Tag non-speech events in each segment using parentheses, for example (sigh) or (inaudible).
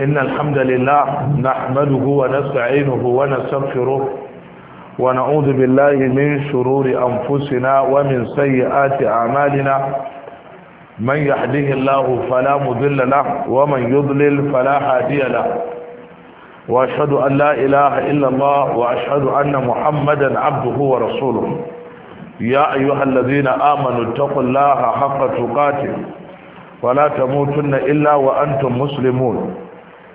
إن الحمد لله نحمده ونستعينه ونستغفره ونعوذ بالله من شرور أنفسنا ومن سيئات أعمالنا من يحده الله فلا مذل له ومن يضلل فلا هادي له وأشهد أن لا إله إلا الله وأشهد أن محمدا عبده ورسوله يا أيها الذين آمنوا اتقوا الله حق تقاته ولا تموتن إلا وأنتم مسلمون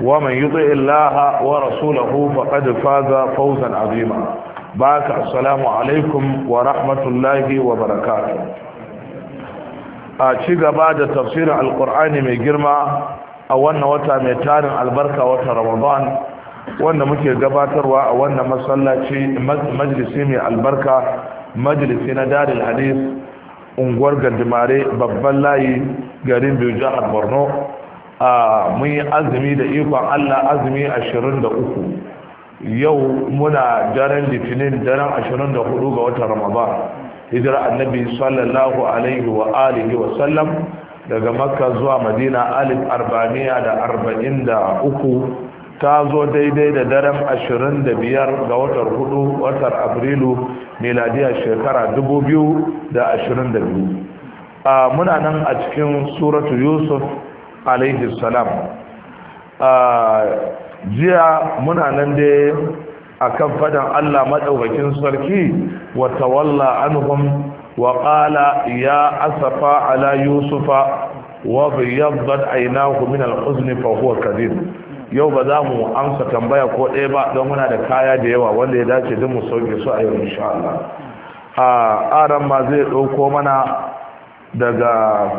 ومن يطع الله ورسوله فقد فاز فوزا عظيما باك السلام عليكم ورحمة الله وبركاته أشيغ بعد تفسير القرآن من جرمى أولنا وتا ميتان البركة وتا رمضان وانا مكي قباتر وانا مسلاتي مجلسي من البركة مجلسي ندار الحديث unguwar gandimare babban layi garin biyu jihar borno mun yi azumi da ikon Allah azumi 23 yau muna daren litinin daren 24 ga watan ramadan hijira annabi sallallahu alaihi wa alihi wa sallam daga makka zuwa madina alif arba'amiya da arba'in da uku ta zo daidai da daren ashirin da biyar ga watar hudu watar afrilu miladiyar shekara dubu biyu da ashirin da biyu muna nan a cikin suratu yusuf alaihi salam jiya muna nan dai kan fadan Allah madaukakin sarki wa tawalla anhum wa qala ya asafa ala yusufa wa bayyaddat aynahu min al fa huwa yau ba za mu amsa tambaya ko ɗaya ba don muna da kaya da yawa wanda ya dace don mu sauke su a yau insha Allah a aran ma zai ɗauko mana daga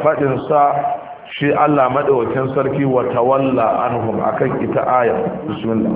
sa. shi Allah madawacin sarki wa tawalla anhum akan ita aya bismillah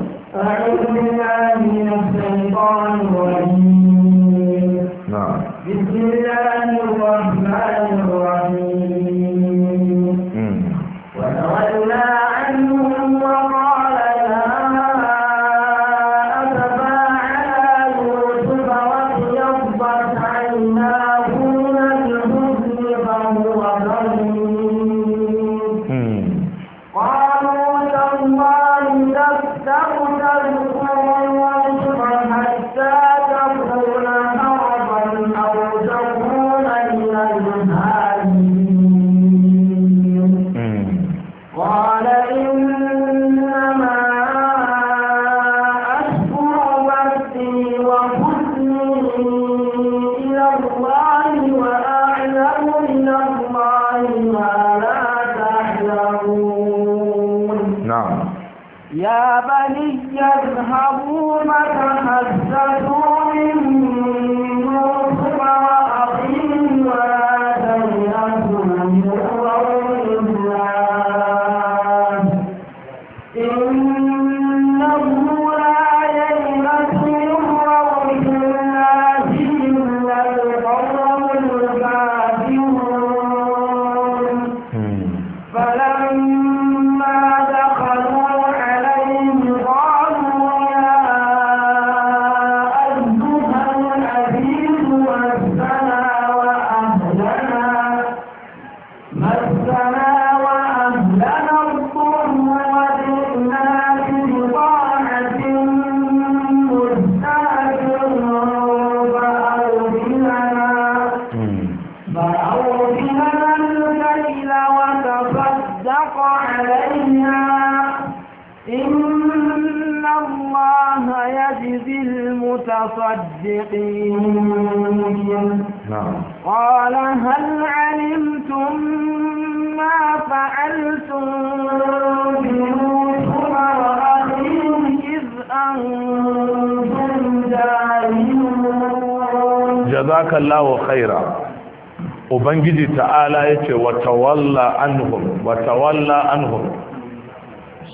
ta'ala yace wa tawalla anhum wa tawalla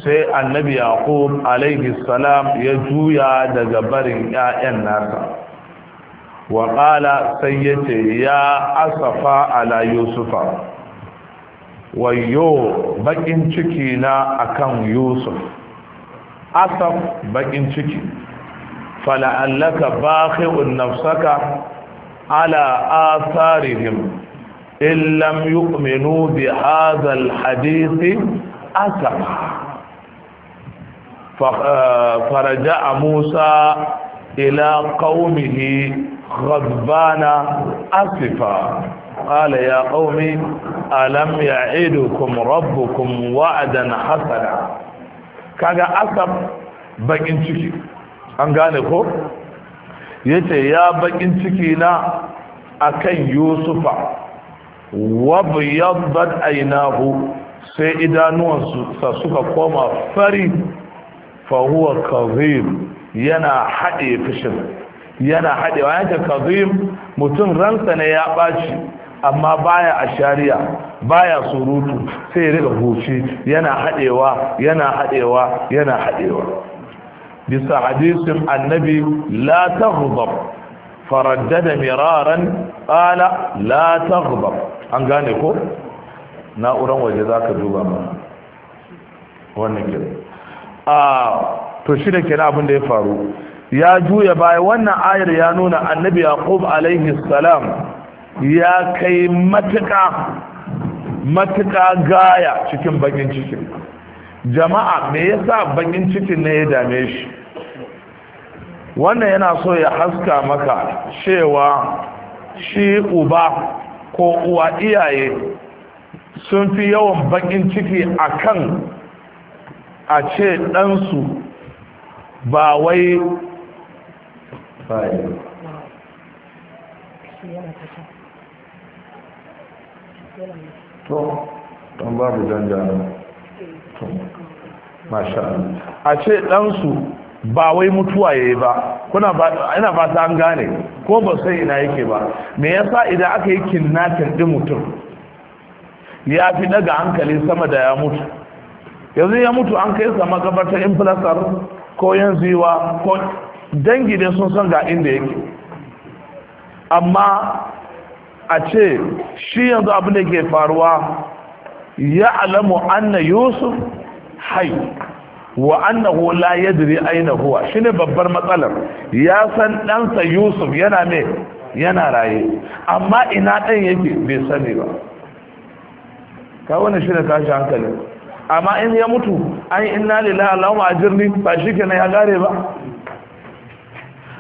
sai annabi yaqub alaihi salam ya juya daga barin 'ya'yan nasa wa qala sai yace ya asafa ala yusufa wayo bakin ciki na akan yusuf asaf bakin ciki fala'allaka baqi'un nafsaka ala atharihim in lam yu'minu bi hadha alhadith asaf فرجع موسى إلى قومه غضبان أسفا قال يا قوم ألم يعدكم ربكم وعدا حسنا kaga asab bakin ciki an gane ko yace ya baƙin ciki na akan yusufa وَبْيَضَّتْ أَيْنَاهُ سَيْئِدَا نُوَا سَسُكَ قَوْمَا فَرِي فَهُوَ كَظِيم يَنَا حَدِي فِشِمْ يَنَا حَدِي وَيَنْتَ كَظِيم مُتُنْ رَنْسَنَ يَا بَاشِ أما بايا أشاريا بايا سروت سيرك فوشي يَنَا حدي حَدِيوَا يَنَا حدي حَدِيوَا يَنَا حدي حَدِيوَا بس حديث النبي لا تغضب فردد مرارا قال لا تغضب an gane ko na'uran waje za ka duba ba wannan kira a to shi da kira abin da ya faru ya juya baya wannan ayar ya nuna annabi yaqub alaihi salam ya kai matuka matuka gaya cikin bakin cikin jama'a me yasa bakin cikin ne ya dame shi wannan yana so ya haska maka cewa shi uba ko uwa iyaye sun fi yawan bakin ciki a kan a ce ɗansu ba wai to don babu don to masha a ce ɗansu ba wai mutuwa yayi ba kuna ba ina ba ta an gane ko ba sai ina yake ba me yasa idan aka yi kinnatin din mutum ya fi daga hankali sama da ya mutu yanzu ya mutu an kai sama gabatar inflasar ko yan ziwa ko dangi ne sun san ga inda yake amma a ce shi yanzu abin da ke faruwa ya alamu anna yusuf hai wa annahu la yadri aina huwa shine babbar matsalar ya san ɗansa yusuf yana me yana raye amma ina ɗan yake bai sani ba ka wani shi ne tashi hankali amma in ya mutu an inna lillahi a jirni ba shi kenan ya gare ba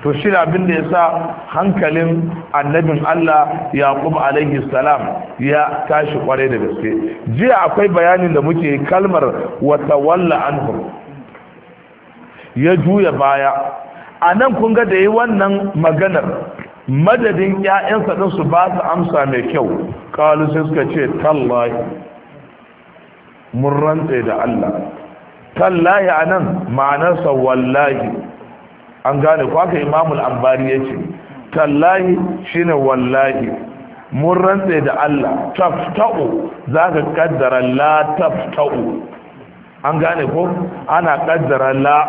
to shi abin da ya sa hankalin annabin Allah yaqub alaihi salam ya tashi kwarai da gaske jiya akwai bayanin da muke kalmar wata walla anhum ya juya baya a nan kun ga da yi wannan maganar madadin ‘ya'yansa ɗin su ba su amsa mai kyau kalu sai suka ce tallahi mun rantse da Allah tallahi a nan ma'anarsa wallahi an gane kwaka imamul ambari ya ce tallahi shine wallahi mun rantse da Allah tafta'u za ka kaddara la tafta'u an gane ko ana kaddara la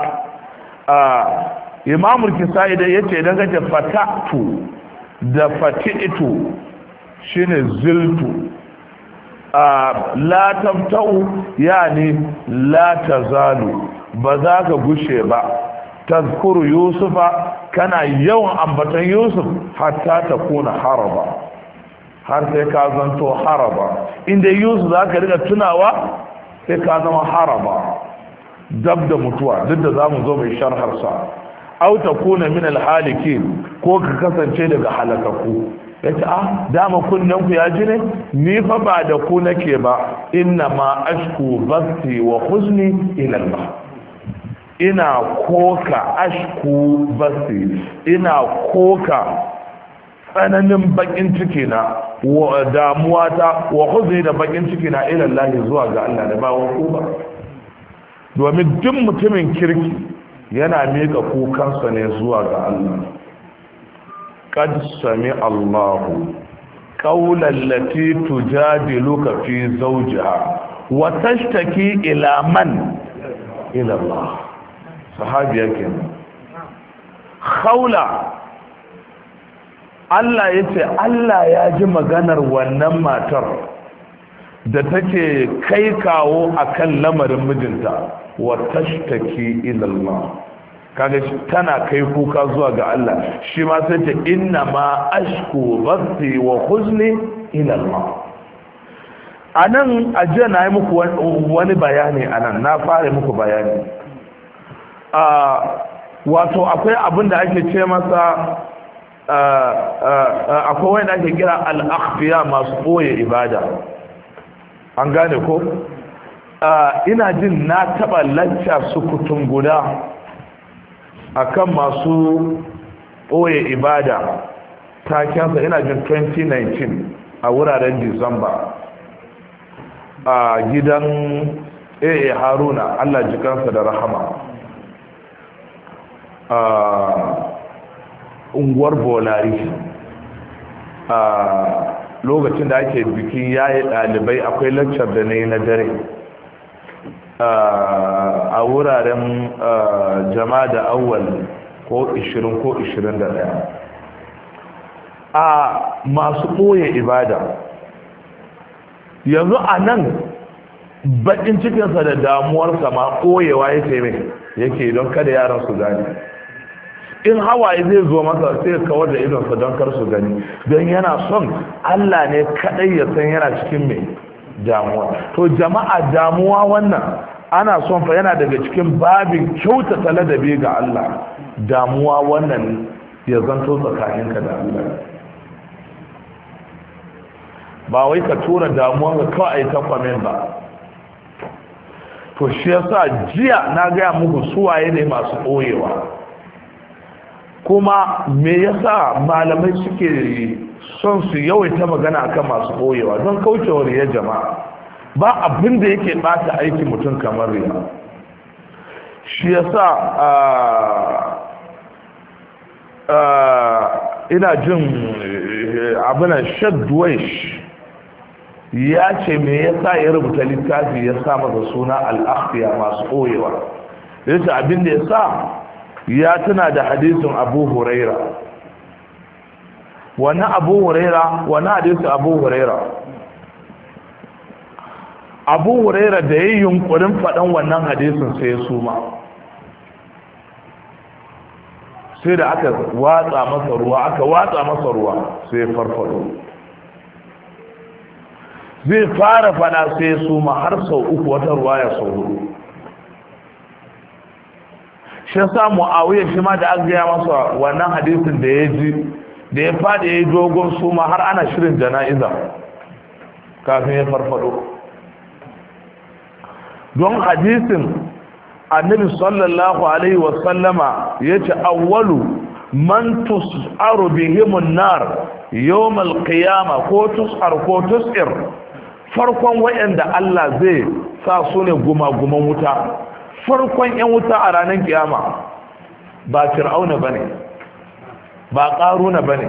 imamul kisa'i da yace dan gaje fatatu da fatitu shine ziltu la tabtau yani la tazalu ba za ka gushe ba tazkuru yusufa kana yawan ambatan yusuf hatta ta kuna haraba har sai ka zanto haraba inda yusuf za ka riga tunawa sai ka zama haraba dab da mutuwa duk da zamu zo mai sharhar sa aw takuna min alhalikin ko ka kasance daga halakaku yace ah dama kunnen ku ya ji ne ni fa ba da ku nake ba inna ma ashku basti wa huzni ila Allah ina koka ashku basti ina koka tsananin bakin ciki na wa damuwa ta wa huzni da bakin ciki na ila Allah zuwa ga Allah da ba wa ku ba domin duk mutumin kirki yana miƙa kukansa ne zuwa ga Allah qad sami Allahu qawlan lati tujadiluka fi zawjiha wa tashtaki ila man ila Allah sahabiya kenan Allah yace Allah ya ji maganar wannan matar da take kai kawo a kan lamarin mijinta wa tashtaki ilalma. kaga tana kai kuka zuwa ga Allah shi ma sai ta inna ma ashku basti wa huzni ila Allah anan aje na yi muku wani bayani anan na fara muku bayani a wato akwai abin da ake ce masa akwai wanda ake kira al-akhfiya masu boye ibada an gane ko ina jin na taba lacca su kutun guda a kan masu ɓoye ibada Ta takensa ina jin 2019 a wuraren disamba a gidan aa haruna allah jikansa da rahama a unguwar bolari a lokacin da ake bikin yayi ɗalibai akwai laccar da na yi na dare a wuraren jama'a da awwal ko 20 ko 21 a masu ɓoye ibada yanzu a nan baƙin cikinsa da damuwarsa ma ɓoyewa ya mai yake don kada yaran su gani in hawaye zai zo masa sai ya kawar da idonsa don kar su gani don yana son Allah ne kadai ya san yana cikin mai damuwa to jama'a damuwa wannan ana son fa yana daga cikin babin kyautata ladabi ga Allah damuwa wannan ya zanto tsakaninka da Allah ba wai ka tura damuwa ga kawai ta kwamin ba to shi yasa jiya na gaya muku suwaye ne masu ɓoyewa kuma me yasa malamai suke son su yawaita magana akan masu boyewa don kaucewa riya jama'a ba abin da yake bata aiki mutum kamar ya. shi yasa ina jin abinan shadwaish ya ce me yasa ya rubuta littafi ya sa masa suna al'afiya masu boyewa yace abin da ya sa ya tuna da hadisin abu huraira wani abu huraira wani hadisin abu huraira abu huraira da ya yi yunkurin faɗan wannan hadisin sai ya suma sai da aka watsa masa ruwa aka watsa masa ruwa sai ya farfado zai fara fada sai ya suma har sau uku wata ruwa ya sau hudu shi yasa muawiya shi ma da an gaya masa wannan hadisin da ya ji da ya fada ya dogon su ma har ana shirin jana'iza kafin ya farfado don hadisin annabi sallallahu alaihi wasallama ya ce awwalu man tus'aru an nar al qiyama ko tus'ar ko tus'ir farkon wayanda Allah zai sa su ne guma guman wuta farkon yan wuta a ranar kiyama ba fir'auna bane ba qaruna bane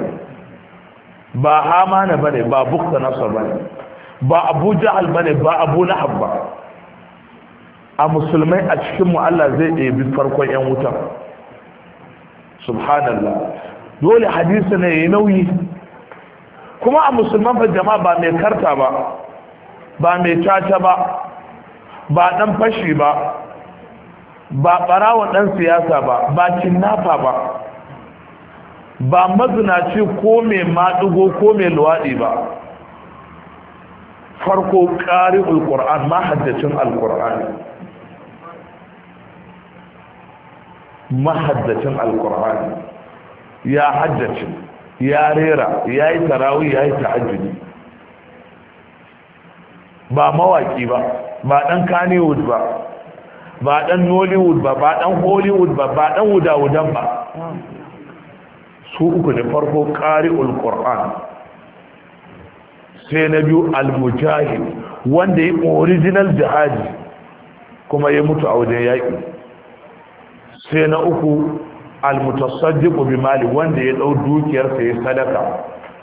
ba hamana bane ba bukta nasar bane ba abu jahal bane ba abu lahab ba a musulmai a cikin mu Allah zai ɗebi farkon yan wuta subhanallah dole hadisi ne ya nauyi kuma a musulman fa jama'a ba mai karta ba ba mai caca ba ba dan fashi ba ba barawa ɗan siyasa ba ba cinnafa ba ba mazinaci ko mai maɗigo ko mai luwaɗi ba farko ƙari alƙur'an mahaddacin alƙur'an mahaddacin alƙur'an ya haddace ya rera ya yi tarawi ya yi ta'ajjudi ba mawaƙi ba ba ɗan kanewood ba ba dan nollywood ba ba dan hollywood ba ba dan wuda-wudan ba su uku ne farko qari'ul qur'an sai na biyu al-mujahid wanda yi original jihadi kuma ya mutu a wajen yaƙi sai na uku al-mutasaddiqu bi mali wanda ya dau dukiyarsa ya sadaka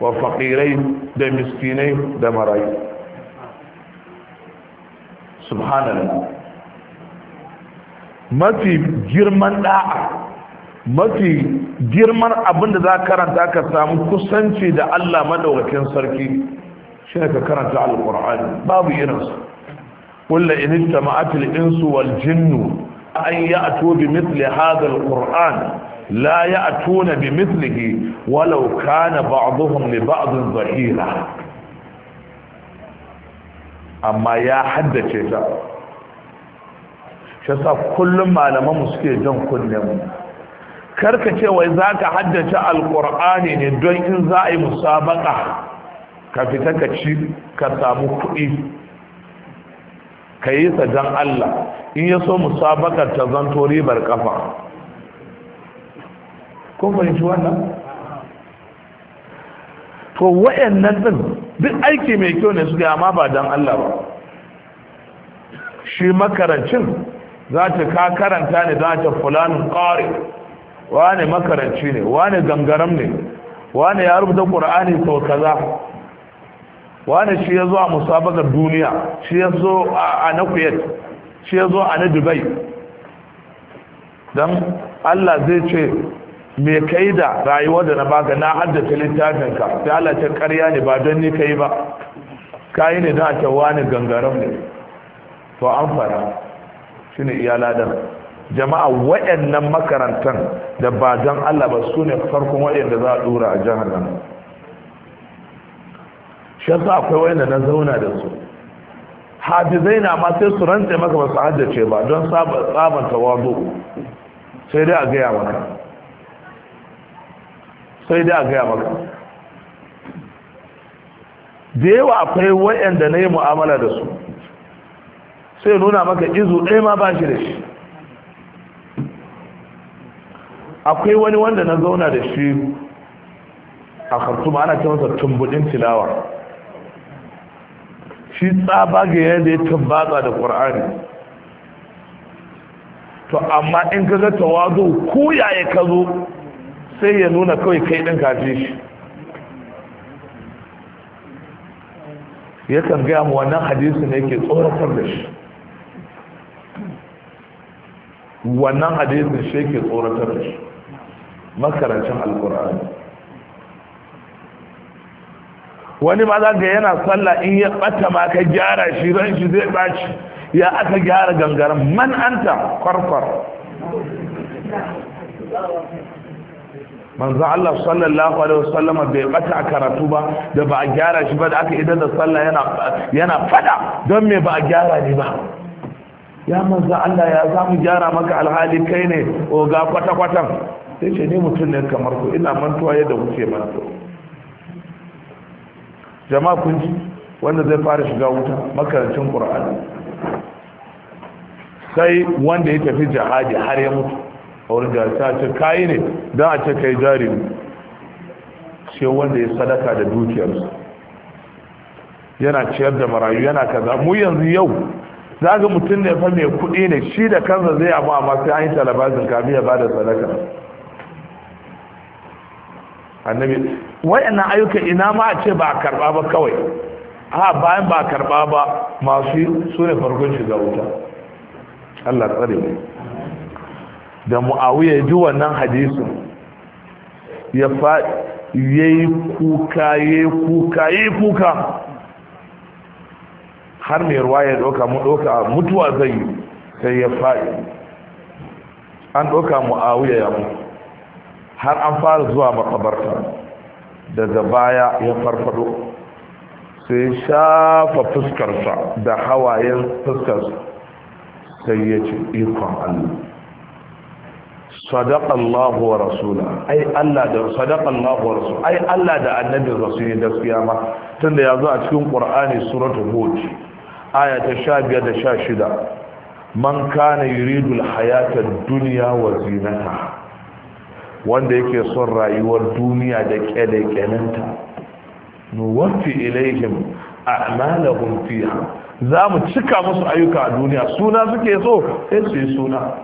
wa faqirai da miskinai da marayu subhanallah mafi girman da'a mafi girman abin da za karanta ka samu kusanci da Allah madaukakin sarki shi ka karanta alkur'ani babu irinsu. kulla in ijtama'atil insu wal jinnu an ya'tu bi mithli hadha alqur'an la ya'tuna bi mithlihi walau kana ba'dhum li ba'd zahira amma ya haddace ta shi sa kullum malaman mu suke jan kullum karka ce wai zaka haddace alqur'ani ne don in za a yi musabaka ka fita ka ci ka samu kuɗi ka yi sa don Allah in ya so musabakar ta zanto ribar kafa kun fahimci wannan to wayannan din duk aiki mai kyau ne su ga amma ba dan Allah ba shi makarancin za ta ka karanta ne za ta fulanin ƙari wane makaranci ne wane gangaram ne wane ya rubuta ƙur'ani sau kaza wane shi ya zo a musabagar duniya shi ya zo a na kuyat shi ya zo a na dubai don allah zai ce me kai da rayuwa da na baka na haddace littafinka sai allah ta karya ne ba don ni kai ba kayi ne don a ta wani gangaram ne to an fara shine iya da jama'a waɗannan makarantan da ba don Allah ba su ne farkon waɗanda za a dora a jihar nan shi yasa akwai waɗanda na zauna da su Haji na ma sai su rantse maka ba su haddace ba don sabanta wazo sai dai a gaya maka sai dai a gaya maka da yawa akwai waɗanda na yi mu'amala da su sai nuna maka izu ɗaya ma ba shi da shi akwai wani wanda na zauna da shi a kartuma ana ce masa tumbudin tilawa shi tsaba ga yadda ya tabbata da ƙwar'ani to amma in ka ga tawazu ko yaya ka zo sai ya nuna kawai kai ɗin kafi shi yakan gaya mu wannan hadisi ne ke tsoratar da shi wannan hadisin shi ke tsoratar da shi makarancin alkur'ani wani ma za ga yana sallah in ya bata ma ka gyara shi ran shi zai baci ya aka gyara gangaren man anta kwarkwar manzo Allah sallallahu alaihi wasallam bai bata a karatu ba da ba a gyara shi ba da aka idan da sallah yana yana fada don me ba a gyara ni ba ya manzan Allah ya za mu gyara maka alhali kai ne ga kwata-kwatan sai ce ne mutum ne kamar ku ina mantuwa yadda wuce mana jama'a kun ji wanda zai fara shiga wuta makarancin qur'ani sai wanda ya tafi jihadi har ya mutu a da ta ce kai ne don a ce kai jari sai wanda ya sadaka da dukiyarsa yana ciyar da marayu yana kaza mu yanzu yau za ga mutum ne fa mai kuɗi ne shi da kansa zai abu amma sai an yi talabazin kafin ya ba da sadaka annabi wayannan ayyuka ina ma a ce ba a karba ba kawai a bayan ba a karba ba masu su ne farkon shiga wuta Allah tsare mu da muawiya ji wannan hadisin ya fa yayi kuka yayi kuka yayi kuka har mai ruwa ya ɗauka mu ɗauka mutuwa zai yi sai ya faɗi an ɗauka mu'awiya ya mutu har an fara zuwa makabarta daga baya ya farfado sai shafa fuskarsa da hawayen fuskarsa sai ya ci ikon allah sadaƙallahu wa rasula ai allah da sadaƙallahu wa rasula ai allah da annabin rasulun gaskiya ma tun da ya zo a cikin ƙwar'ani suratu hud aya ta sha biyar da sha shida man kana yuridul hayatar duniya wa zinata wanda yake son rayuwar duniya da kyale-kyalenta nuwafi ilaihim a'malahum fiha za mu cika musu ayyuka a duniya suna suke so sai su yi suna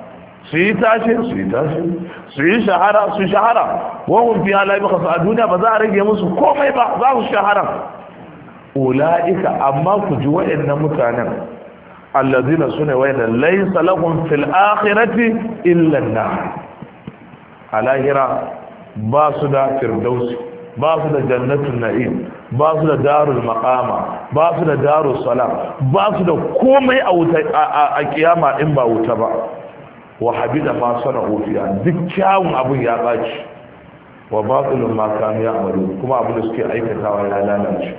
su yi tashi su yi tashi su yi shahara su shahara wahun fiha la a duniya ba za a rage musu komai ba za su shahara ula'ika amma ku ji waɗannan mutanen allazina sune wayanda laysa lahum fil akhirati illa an-nar alahira ba su da firdausi ba su da jannatul na'im ba su da darul maqama ba su da darus salam ba su da komai a wuta a kiyama din ba wuta ba wa habida ma sana'u fiya duk kyawun abun ya baci wa batilun ma kanu ya'malu kuma abin da suke aikatawa ya lalace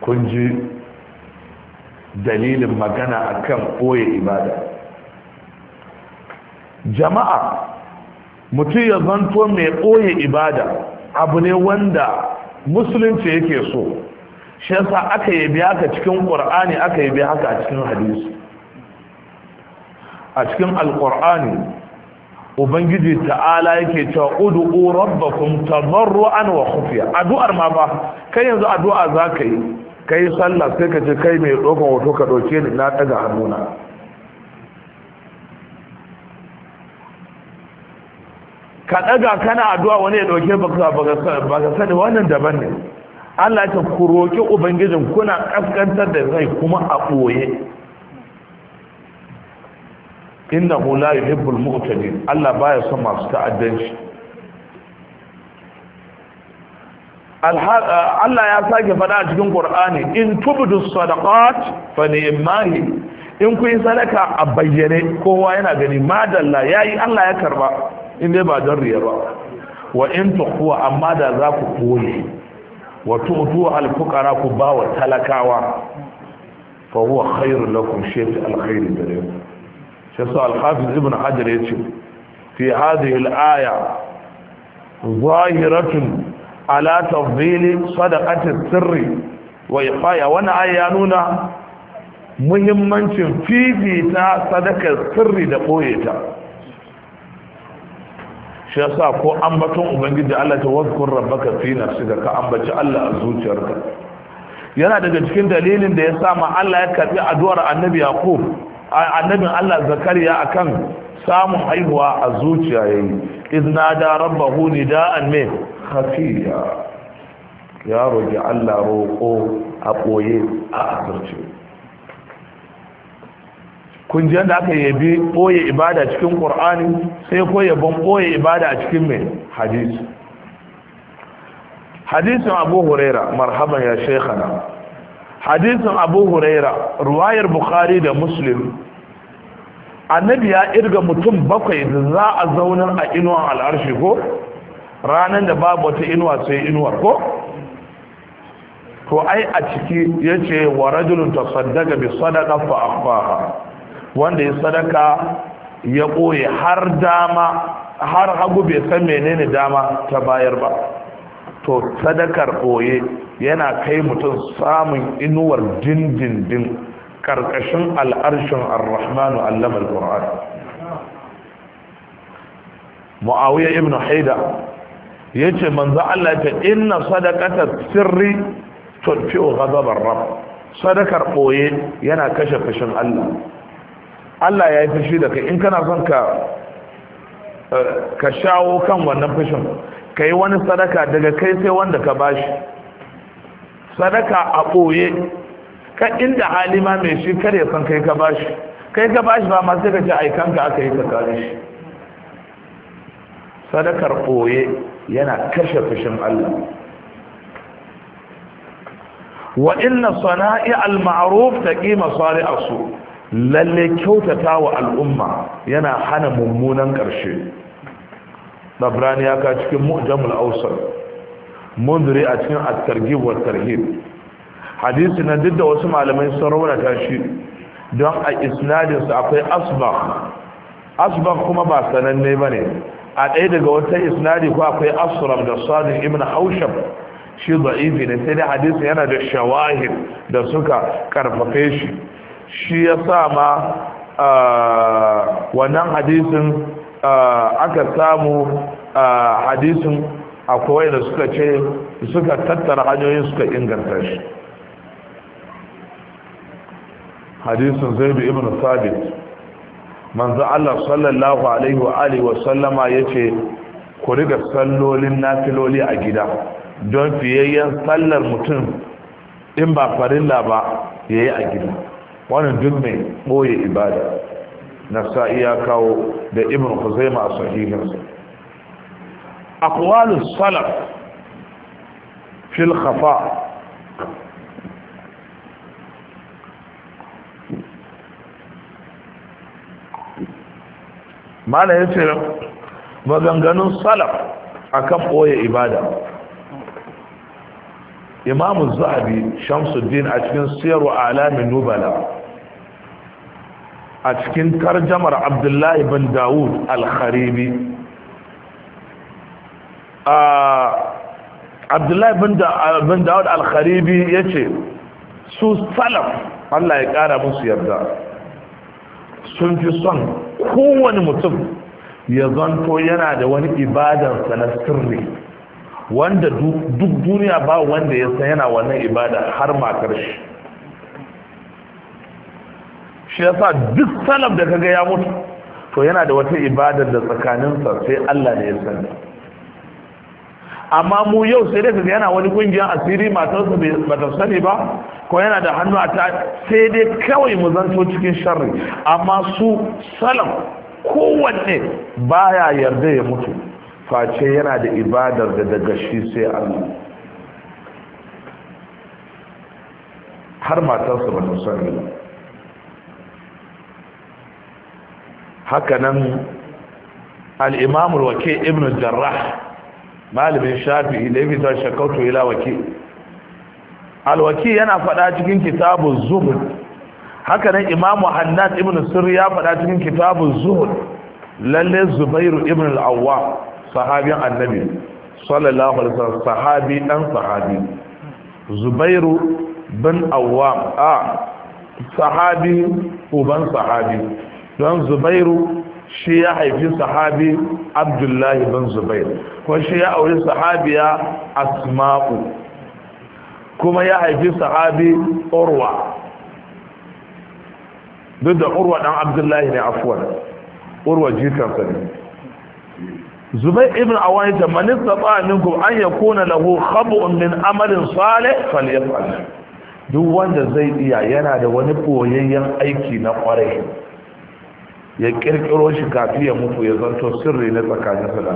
kun ji dalilin magana a kan ɓoye ibada jama'a mutum ya zanto mai ɓoye ibada abu ne wanda musulunci yake so shi aka yi biya haka cikin ƙur'ani aka yi biya haka a cikin hadisi a cikin alƙur'ani ubangiji ta'ala yake cewa ud'u rabbakum tadarruan wa khufiya addu'ar ma ba kai yanzu addu'a zaka yi Kai sallah sai ka ce kai mai dokan hoto ka ɗauke ni na ɗaga hannuna ka daga kana addu'a wani ya ɗauke ba ka sani wannan daban ne Allah ta ku roƙi ubangijin kuna ƙaskantar da zai kuma a boye inna hula yuhibbul mu'tadin Allah baya son masu ta'addanci Allah ya sake faɗa a cikin kur'ani in tubdu sadaqat fa ni'mahi in kun sadaka a bayyane kowa yana gani madalla yayi Allah ya karba in dai ba don riya ba wa in tuqwa amma da za ku koye wa tu'tu al-fuqara ku ba wa talakawa fa huwa khairul lakum shay'un al-khair dare. shi sa al-hafiz ibn hajar yace fi hadhihi al-aya zahiratun ala tafdili sadaqatis sirri wa ifaya wannan ayi ya nuna muhimmancin fifita sadakar sirri da koye ta shi yasa ko ambaton ubangiji Allah ta wazkur rabbaka fi nafsika ka ambaci Allah a zuciyarka yana daga cikin dalilin da ya sa ma Allah ya karbi addu'ar annabi yaqub annabin Allah zakariya akan samun haihuwa a zuciya yayi izna da rabbahu nida'an min khafiya ya roƙi Allah roko a ɓoye a azurce. kun ji yadda aka yabi koye ibada cikin qur'ani sai ko ban koye ibada a cikin mai hadisi hadisin abu huraira marhaban ya shekhana hadisin abu huraira ruwayar bukhari da muslim annabi ya irga mutum bakwai da za a zaunar a inuwa al'arshi ko ranar da babu wata inuwa sai inuwar ko to ai a ciki ya ce wa rajulun ta sadaka bi sadaka fa wanda ya sadaka ya ɓoye har dama har hagu bai san menene dama ta bayar ba to sadakar ɓoye yana kai mutum samun inuwar dindindin karkashin al'arshin al rahmanu allama al-qur'an muawiya ibn haida yace manzo Allah ta inna sadakatar sirri tudfi'u ghadab ar sadakar ɓoye yana kashe fashin Allah Allah ya yi fashi da kai in kana son ka eh, shawo kan wannan fashin. ka yi wani sadaka daga kai sai wanda ka bashi sadaka a ɓoye ka inda halima mai shi kare san kai ka bashi kai ka bashi ba masu ka ce aikanka aka yi ka kare shi sadakar ɓoye yana kashe fushin Allah wa inna sana'i al-ma'ruf taqi masari'asu lalle kyautata wa al'umma yana hana mummunan ƙarshe dabrani ya ka cikin mu'jamul awsat mundiri a cikin at wa tarhib hadisi na duk da wasu malamai sun raunata shi don a isnadin akwai asbah asbah kuma ba sananne ba ne. a ɗaya daga wata isnadi ko akwai asram da sadin ibn haushab shi da'ifi ne sai da hadisi yana da shawahir da suka karfafe shi shi ya sa ma ah, wannan hadisin aka samu hadisin akwai da suka ce suka tattara hanyoyin suka inganta shi hadisin bi ibn sabit manzo Allah sallallahu alaihi wa alihi wa sallama yace ku riga sallolin nafiloli a gida don fiyayyen sallar mutum in ba farilla ba yayi a gida wannan duk mai boye ibada nasa'i ya kawo da ibn khuzaima a sahihinsa aqwalus salaf fil khafa mana yace maganganun salaf akan boye ibada imam az-zahabi shamsuddin a cikin siyar wa alamin nubala a cikin tarjamar abdullahi bin dawud al-kharibi abdullahi bin dawud al-kharibi ya ce su salaf allah ya kara musu yarda sun fi son kowane mutum ya zanto yana da wani ibadar na wanda duk duniya ba wanda ya san yana wannan ibada har matar shi shi yasa duk salaf da kaga ya mutu to yana da wata ibadar da tsakaninsa sai Allah ne ya sani amma mu yau sai dai yana wani kungiyar asiri matarsa ba ta sani ba ko yana da hannu a ta sai dai kawai mu zanto cikin sharri amma su salaf kowanne baya yarda ya mutu face yana da ibadar da daga shi sai Allah har matarsa ba ta sani ba hakanan al'imamul wake ibn jarrah malamin shafi'i da ya fi zai shakautu ila wake alwaki yana fada cikin kitabun zuhud hakanan imamu hannas ibn sirri ya fada cikin kitabun zuhud lalle zubairu ibn al'awwa sahabin annabi sallallahu alaihi wasallam sahabi dan sahabi zubairu bin awwam a sahabi uban sahabi don zubairu shi ya haifi sahabi abdullahi bin Zubairu, kuma shi ya auri sahabiya asma'u kuma ya haifi sahabi urwa duk da urwa dan abdullahi ne afuwan urwa jikansa ne zubair ibn awani ta manista minkum an yakuna lahu khab'un min amalin salih falyafal duk wanda zai iya yana da wani boyayyen aiki na kwarai ya kirkiro shi kafi ya mutu ya zanto sirri na tsakanin da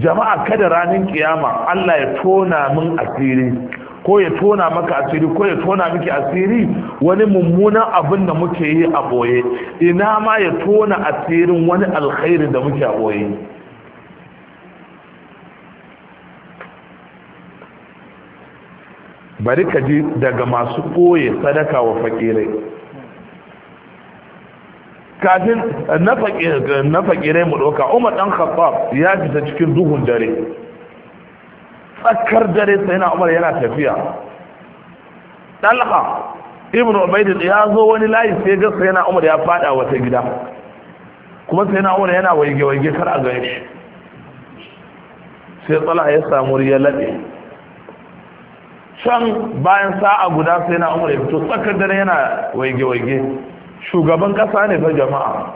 jama'a kada ranar kiyama Allah ya tona min asiri ko ya tona maka asiri ko ya tona miki asiri wani mummunan abin da muke yi a boye ina ma ya tona asirin wani alkhairi da muke a boye bari ka ji daga masu ɓoye sadaka wa fakirai kafin na fakire mu ɗauka umar ɗan khattab ya fita cikin duhun dare tsakar dare sai na umar yana tafiya ɗalha ibn ubaidin ya zo wani layi sai ga sai na umar ya fada wata gida kuma sai na umar yana waige-waige kar a gan shi sai tsala ya samu riya laɓe can bayan sa'a guda sai na umar ya fito tsakar dare yana waige-waige shugaban kasa ne fa jama'a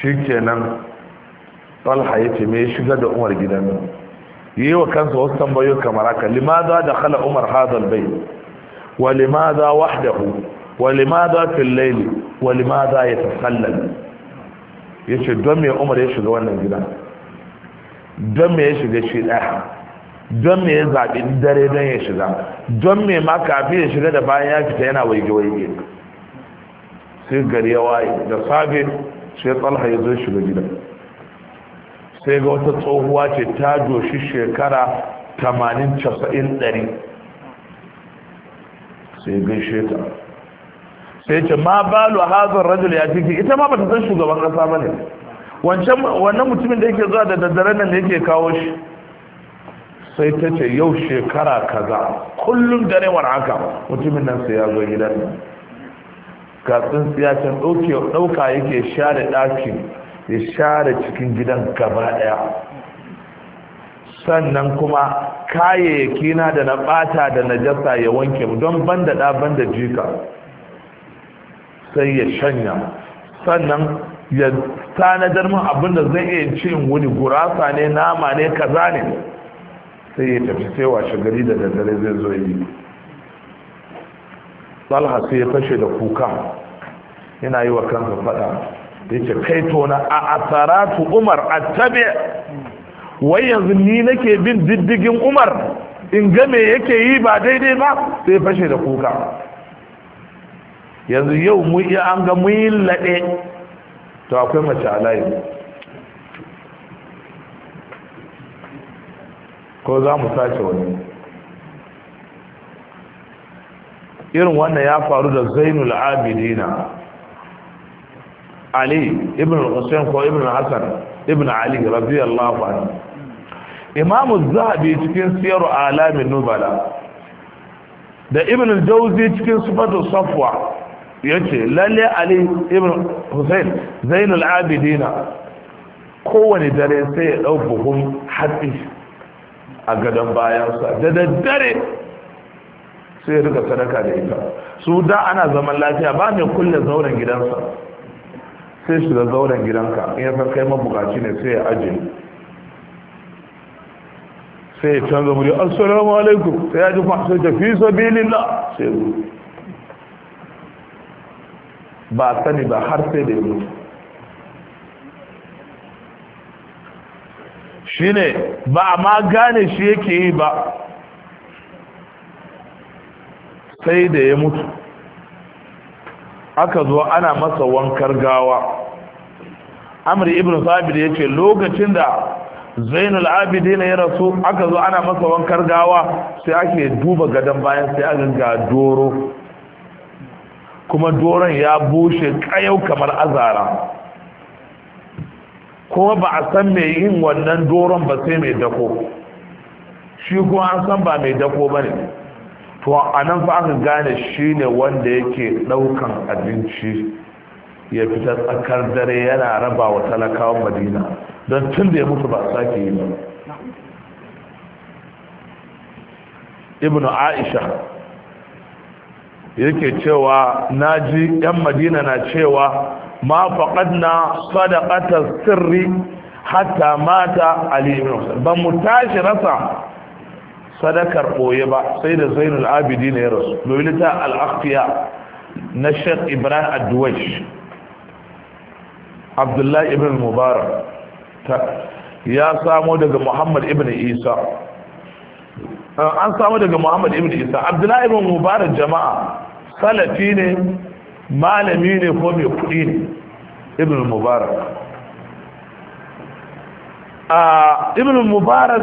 shi kenan talha ya ce mai shiga da umar gidan nan yi wa kansa wasu tambayo kamar haka limaza da khala umar hazal bai wa limaza wahdahu wa limaza fil layli wa limaza yatasallal yace don me umar ya shiga wannan gidan don me ya shiga shi ɗaya don me ya zaɓi dare don ya shiga don me ma kafi ya shiga da bayan ya fita yana waige-waige sai gari ya waye da safe sai tsalha ya zo shiga gida sai ga wata tsohuwa ce ta doshi shekara 80-90 sai gaishe ta sai ce ma balu hazin rajul ya ciki ita ma bata san shugaban kasa ba ne wannan mutumin da yake zuwa da daddare nan da yake kawo shi sai ta ce yau shekara kaza kullum darewar haka mutumin nan sai ya zo gidan nan ga tsintsiya can ɗauka yake share ɗakin ya share cikin gidan gaba ɗaya sannan kuma kayayyaki na da na ɓata da na jasa ya wanke mu don banda ɗa banda jika sai ya shanya sannan ya tanadar mu abinda zai iya cin wuni gurasa ne nama ne kaza ne sai ya tafi sai washe gari da daddare zai zo yi talha sai ya fashe da kuka yana yi wa kansa fada yake kai tona a asaratu umar attabi wai yanzu ni nake bin diddigin umar in ga me yake yi ba daidai ba sai fashe da kuka yanzu yau mu iya an ga mu yi laɗe to akwai mace a layi ko za mu sace wani irin wannan ya faru da zainul abidina ali ibn al-husayn ko ibn al-hasan ibn ali radiyallahu anhu imamu zahabi cikin siyar alamin nubala da ibn al-jawzi cikin sifatu safwa yace lalle ali ibn husayn zainul abidina kowane dare sai ya dauki buhun hatsi a gadon bayansa da daddare sai rika sadaka da ita su da ana zaman lafiya ba mai kulle zauren gidansa sai shiga zauren gidanka in ya san kai mabukaci ne sai ya aje sai ya canza muri assalamu alaikum sai ya ji kwasa tafi sabilillah sai ya ba sani ba har sai da ya mutu shine ba a ma gane shi yake yi ba sai da ya mutu aka zo ana masa wankar gawa amri ibn sabir ya ce lokacin da zainul abidina ya rasu aka zo ana masa wankar gawa sai ake duba gadon bayan sai aka ga doro kuma doron ya bushe kayau kamar azara kuma ba a san mai yin wannan doron ba sai mai dako shi kuma an san ba mai dako ba ne to a nan fa aka gane shi ne wanda yake ɗaukan abinci ya fita tsakar dare yana raba wa talakawan madina don tun da ya mutu ba sake yi ba ibnu aisha yake cewa na ji 'yan madina na cewa ma faƙadna sadaqatar sirri hatta mata alimin ba mu tashi rasa sadakar ɓoye ba sai da zainul abidi ne ya rasu domin ta al'afiya na shek ibrahim adduwaish abdullahi ibn mubarak ya samo daga muhammad ibn isa an samo daga muhammad ibn isa abdullahi ibn mubarak jama'a salafi ne malami ne ko mai kudi ne ibn mubarak a ibn mubarak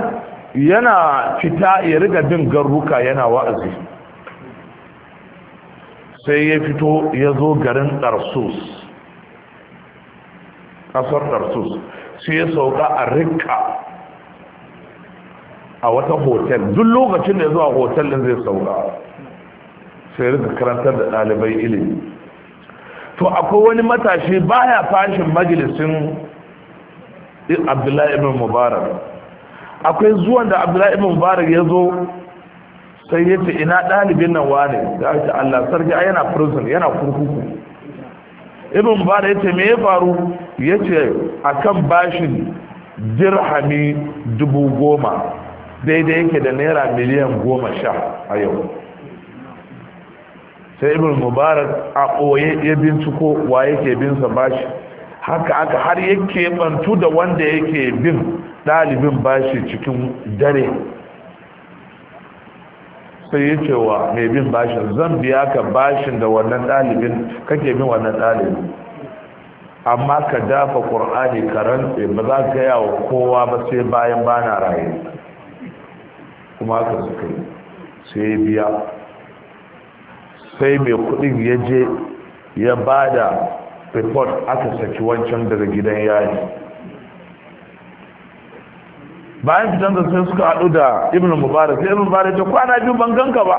yana fita ya riga bin garruka yana wa'azi sai ya fito ya zo garin ɗarsus ƙasar ɗarsus sai ya sauka a rika a wata hotel duk lokacin da ya zuwa hotel din zai sauka sai rika karantar da ɗalibai ilimi to akwai wani matashi baya fashin majalisin abdullahi ibn mubarak akwai zuwan da abdullahi ibn mubarak ya zo sai ya ce ina ɗalibin nan wane da ake allah sarki a yana prison yana kurkuku ibn mubarak ya ce me ya faru ya ce a kan bashin dirhami dubu goma daidai yake da naira miliyan goma sha a yau sai ibn mubarak a koye ya binciko wa yake bin sa bashi haka aka har yake bantu da wanda yake bin dalibin bashi cikin dare sai ya ce wa mai bin bashin zan biya ka bashin da wannan dalibin kake bin wannan dalibin amma ka dafa ƙur'ani ka rantse ba za ka yawa kowa ba sai bayan bana raye kuma ka suka sai ya biya sai mai kudin ya je ya ba da report aka saki wancan daga gidan yayi bayan fitan da sai suka haɗu da ibn mubarak sai ibn mubarak ta kwana biyu ban ka ba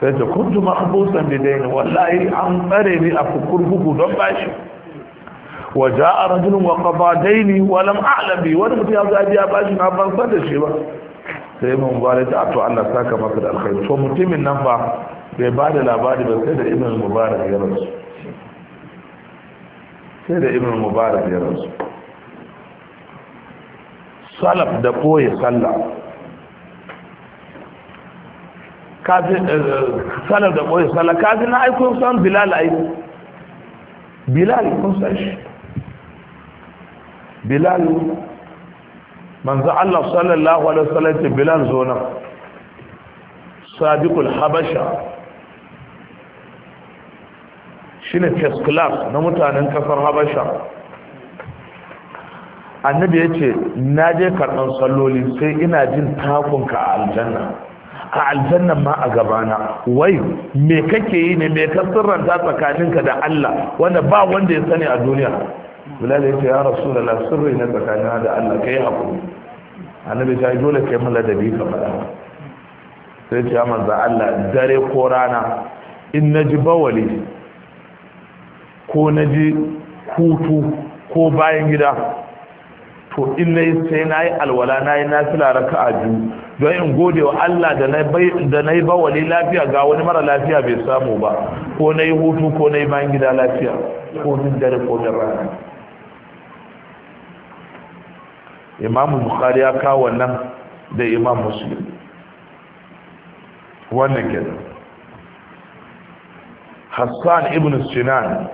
sai ta kuntu mahbusan dayni wallahi an tsare ni a kurkuku don bashi wa ja'a rajulun wa qada dayni wa lam a'lam bi wani mutum ya zo ya bashi na ban san da shi ba sai ibn mubarak ta to Allah saka maka da alkhairi to mutumin nan ba bai ba da labari ba sai da ibn mubarak ya rasu sai da ibn mubarak ya rasu salaf da koye sallah eh, eh, salaf da koye salla kafin na aikon san bilal aiki bilal kun san shi bilal manzo Allah sallallahu alaihi wasallam bilal zo nan sabiqul habasha shine ne class na mutanen kasar habasha annabi ya ce na je karɓar salloli sai ina jin takunka a aljanna a aljanna ma a gabana wai me kake yi ne me ka sirranta tsakaninka da Allah wanda ba wanda ya sani a duniya bilal ya ce ya rasulullah sirri na tsakanina da Allah kai haku annabi ya dole kai mu ladabi ka faɗa sai ce ya manzo Allah dare ko rana in ji bawali ko na ji hutu ko bayan gida to in na yi sai na yi alwala na yi nafila raka a biyu don in gode wa Allah da na yi bawali lafiya ga wani mara lafiya bai samu ba ko na yi hutu ko na yi bayan gida lafiya ko min dare ko min rana imam bukhari ya kawo wannan da imam muslim wannan gida hassan ibn sinan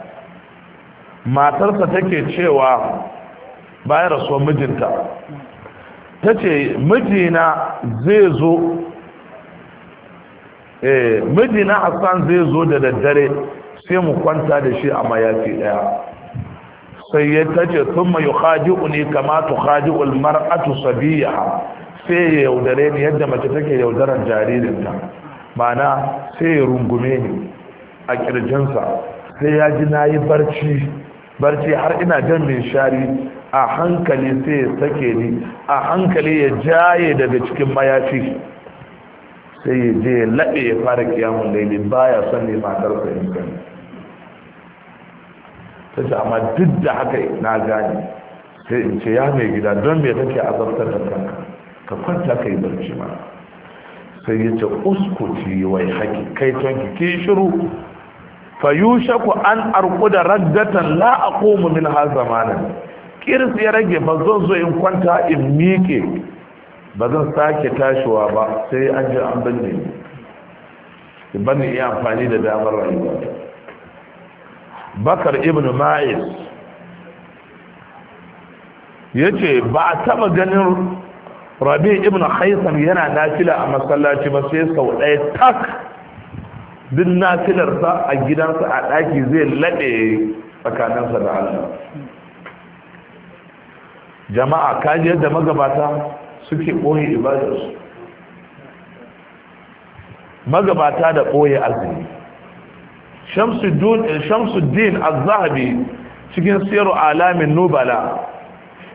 matarsa take cewa bayan rasuwar mijinta ta ce mijina zai zo eh mijina hassan zai zo da daddare sai mu kwanta da shi a mayafi daya sai ya tace thumma ne kama ulmar almar'atu sabiya sai ya yaudare ni yadda mace take yaudaran jaririnta mana sai ya rungume ni a kirjinsa sai ya ji na yi barci barci har ina jan min shari a hankali sai ya sake ni a hankali ya jaye daga cikin mayafi sai ya je ya laɓe ya fara kiyamun laili baya son ne matar sa gani ta ce amma duk da haka na gani sai in ce ya mai gida don me take azabtar da kanka ka kwanta ka yi barci ma sai ya ce uskuti wai haƙi kai tonki ki shiru fayushaku an arkuda raddatan la aqumu min ha zamanan kirs ya rage ba zan zo in kwanta in mike ba zan sake tashiwa ba sai an ji an binne bani iya amfani da damar rayuwa bakar ibn ma'is yace ba a taba ganin rabi ibn haisam yana nafila a masallaci ba sai sau ɗaya tak duk nafilarsa a gidansa a ɗaki zai laɗe tsakaninsa da Allah jama'a kaji yadda magabata suke ɓoye ibadarsu magabata da ɓoye azumi shamsuddin az-zahabi cikin siyarwa alamin nubala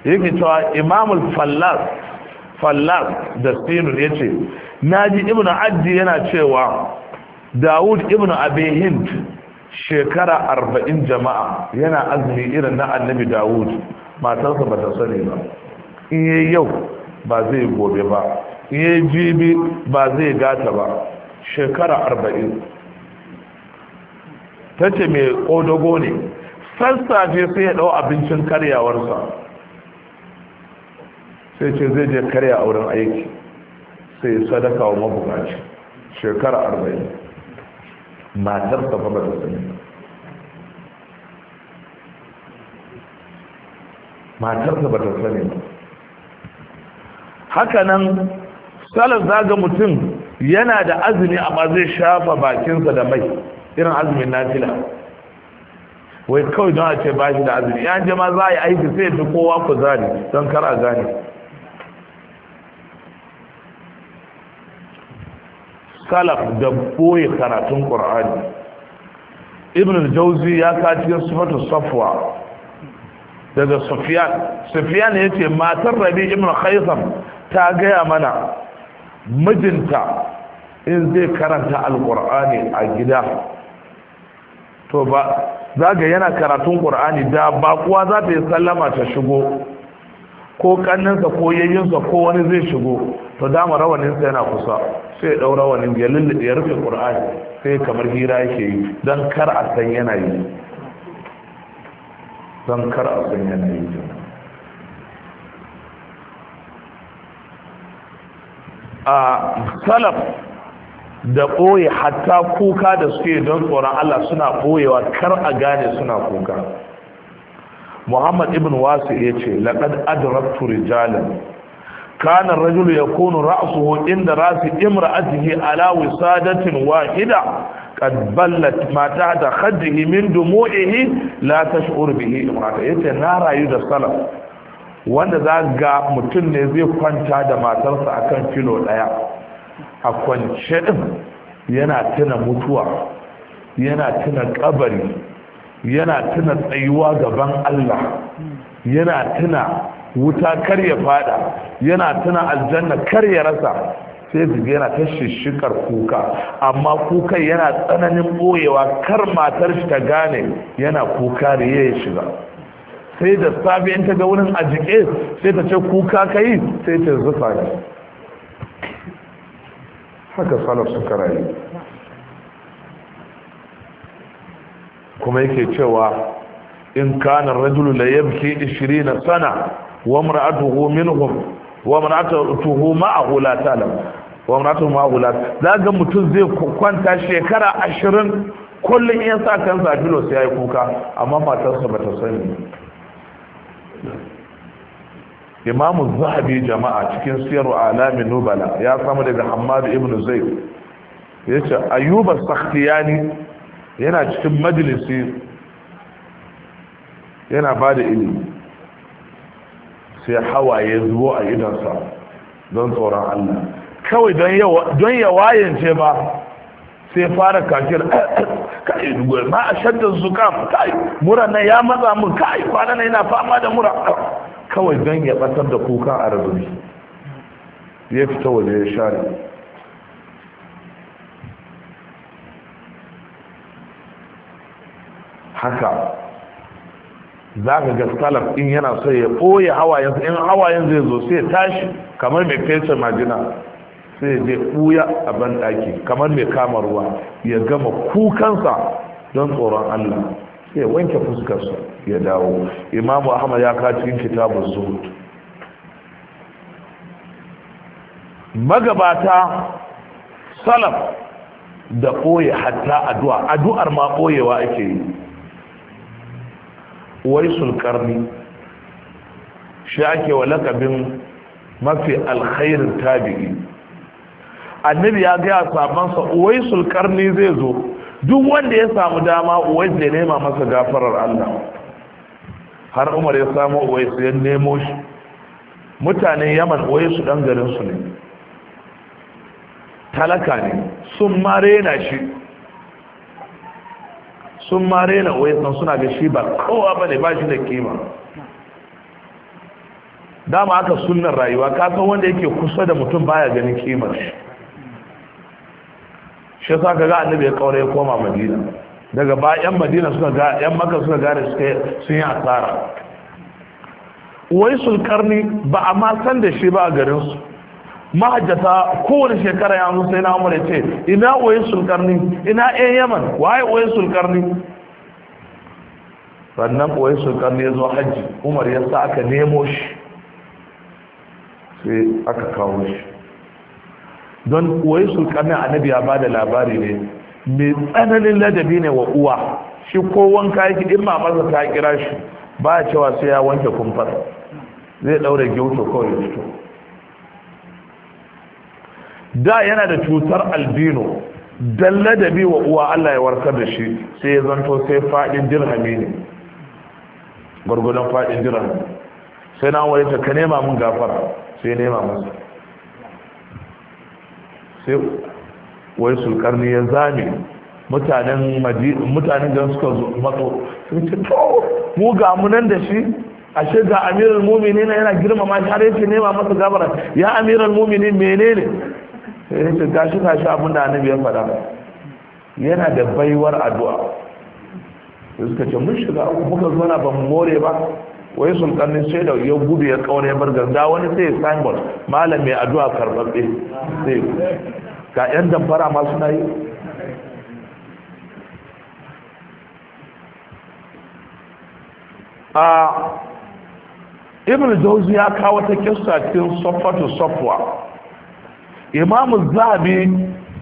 yake cewa imamul fallas fallas da Sinu ya ce na ji ibn addi yana cewa dawud ibn hind shekara arba'in jama'a yana azumi irin na annabi dawud matarsa ba ta sani ba in yi yau ba zai gobe ba in yi jibi ba zai gata ba shekara arba'in ta ce mai ƙodago ne sassafe sai ya ɗau abincin karyawarsa sai ce zai je karya a wurin aiki sai sadaka wa mabukaci shekara arba'in matar ta ba ta sani matar ta ba ta sani ba haka nan salar zaga mutum yana da azumi amma zai shafa bakinsa da mai irin azumin nafila wai kawai don a ce ba shi da azumi yan jama'a za a yi aiki sai da kowa ku zane don kar a gane salaf da boye karatun ƙur'ani ibn jauzi ya ka cikin sifatu safwa daga sufyan sufyan ya ce matar rabi ibn khaisam ta gaya mana mijinta in zai karanta alƙur'ani a gida to ba zaga yana karatun ƙur'ani da bakuwa za ta yi sallama ta shigo ko ƙanninsa ko yayyinsa ko wani zai shigo to dama rawaninsa yana kusa sai ya daura wani ya lullube ya rufe qur'ani sai kamar hira yake yi dan kar a san yana yi kar a san yana a salaf da ɓoye hatta kuka da suke don tsoron Allah suna ɓoyewa kar a gane suna kuka Muhammad ibn wasi ya ce laƙad adraktu rijalan Kanan kana rajulu yakunu ra'suhu inda ra'si imra'atihi ala wisadatin wahida qad ballat ma tahta khaddihi min dumu'ihi la tash'ur bihi imra'ata yace na rayu da salaf wanda za mutum ne zai kwanta da matarsa akan filo daya a kwance din yana tuna mutuwa yana tuna kabari yana tuna tsayuwa gaban Allah yana tuna wuta kar ya fada yana tana aljanna kar ya rasa sai zube yana ta shishikar kuka amma kukan yana tsananin boyewa kar matar shi ta gane yana kuka da ya shiga sai da safe in ta ga wurin a sai ta ce kuka ka yi sai ta zufa ne haka salaf suka rayu kuma yake cewa in kana rajulu la yabki 20 sana wa mar'atuhu minhum wa mar'atuhu ma'ahu la ta'lam wa mar'atuhu ma'ahu la zaga mutum zai kwanta shekara 20 kullun ya sa kansa sa bilo sai yayi kuka amma matarsa bata sani Imam zahabi jama'a cikin siyar alami nubala ya samu daga hamadu ibn Zayd yace Ayyub sakhtiyani yana cikin majalisi yana bada ilimi sai hawaye zubo a idansa don tsoron Allah kawai don ya wayance ba sai fara kakir (coughs) kai dugo ma a shaddan su kai mura na ya matsa mun kai kwana na yana fama da mura (coughs) kawai don ya batar da kuka a rabin ya fita waje ya share haka za ka ga salaf in yana so ya ɓoye hawayensa in hawayen zai zo sai tashi kamar mai fesa majina sai zai ɓuya a banɗaki kamar mai kama ruwa ya gama kukansa don tsoron allah sai ya wanke fuskarsa ya dawo imamu ahmad ya kaci yin kitabun zuhud magabata salaf da ɓoye hatta addu'a addu'ar ma ɓoyewa ake yi waisul karni shi ake wa lakabin mafi alkhairin tabi'i annabi ya gaya sabansa waisul karni zai zo duk wanda ya samu dama wanda nema masa gafarar Allah har umar ya samu uwais ya nemo shi mutanen yaman uwaisu dan garin su ne talaka ne sun mare na shi sun mare na oyesan suna ga shi ba kowa ba ne ba shi da kima dama aka sunan rayuwa kasan wanda yake kusa da mutum baya ganin kimar shi shi sa ka ga annabi ya kaura ya koma madina daga yan madina suka ga yan maka suka gane sun yi asara wai sulkarni ba a ma san da shi ba a su. mahajjata kowane shekara ya sai na umar ce ina oyin sulkarni ina yan yaman waye oyin sulkarni sannan oyin sulkarni ya zo hajji umar ya sa aka nemo shi sai aka kawo shi don oyin sulkarni annabi ya ba da labari ne mai tsananin ladabi ne wa uwa shi ko wanka yake in mamarsa ta kira shi ba cewa sai ya wanke kumfar zai ɗaure gyauto kawai ya fito da yana da cutar albino da bi wa uwa Allah ya warkar da shi sai ya zanto sai fadin dirhami ne gurgudan fadin dirhami sai na wani ta ka nema mun gafara sai nema masa sai wai karni ya zame mutanen mutanen da suka zo mato sun ce to mu ga mu nan da shi ashe ga amirul mu'minin yana girmama shi har yace nema masa gafara ya amirul mu'minin menene sai ya ce gashi na shi abinda annabi ya faɗa yana da baiwar addu'a sai suka ce mun shiga muka zo na ban more ba wai sun karni sai da ya gudu ya kaure ya bar ganda wani sai signboard malam mai addu'a karɓaɓɓe sai ka yan damfara ma suna yi a ibn jauzi ya kawo ta kissa cikin soffa to sofwa imamu zabi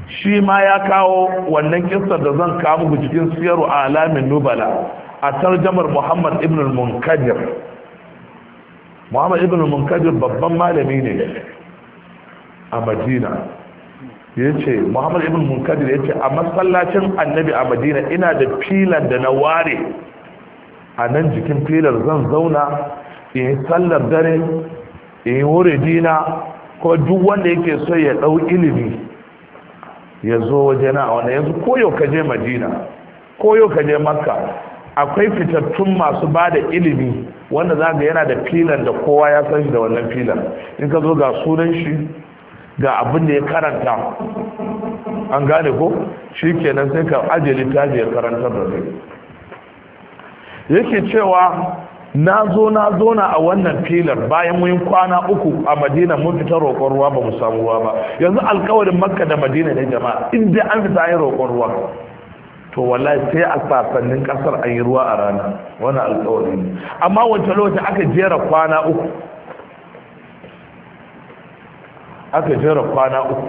shi ma ya kawo wannan kisar da zan kawo muku cikin siyaru a alamin nubala a tarjamar muhammad ibn munkadir muhammad ibn munkadir babban malami ne a madina ya ce muhammad ibn munkadir ya ce a masallacin annabi a madina ina da filan da na ware a nan jikin filar zan zauna in sallar dare in wuri dina ko duk wanda yake so ya dau ilimi ya zo wajena a wanda yanzu koyo ka je madina koyo ka je makka akwai fitattun masu ba da ilimi wanda za ga yana da filan da kowa ya san shi da wannan filan in ka zo ga sunan shi ga abin da ya karanta an gane ko shi kenan sai ka ajiye littafi ya karantar da zai yake cewa na zo na zo na a wannan filar bayan mun kwana uku a madina mun fita roƙon ruwa ba mu samu ruwa ba yanzu alkawarin makka da madina ne jama'a inda an fita yin roƙon ruwa to wallahi sai a sasannin kasar an yi ruwa a rana wannan alkawari ne amma wancan lokaci aka jera kwana uku aka jera kwana uku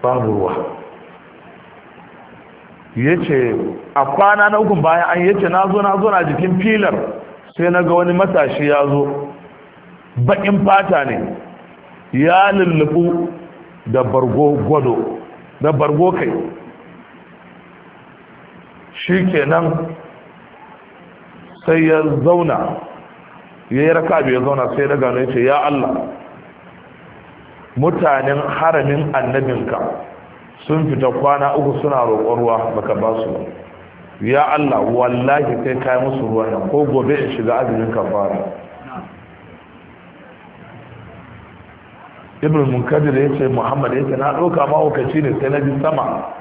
babu ruwa ya ce a kwana na ukun bayan an yace na zo na zo na jikin filar sai na ga wani matashi ya zo baƙin fata ne ya lullubu da bargo gwado da bargo kai shi kenan sai ya zauna ya yi raka ya zauna sai na gano ya ce ya Allah mutanen haramin annabinka sun fita kwana uku suna roƙon ruwa baka ba su ya Allah wallahi kai kai musu ruwan nan ko gobe in shiga azumin kafara ibn munkadir yace muhammad yace na doka ma wakaci ne sai na ji sama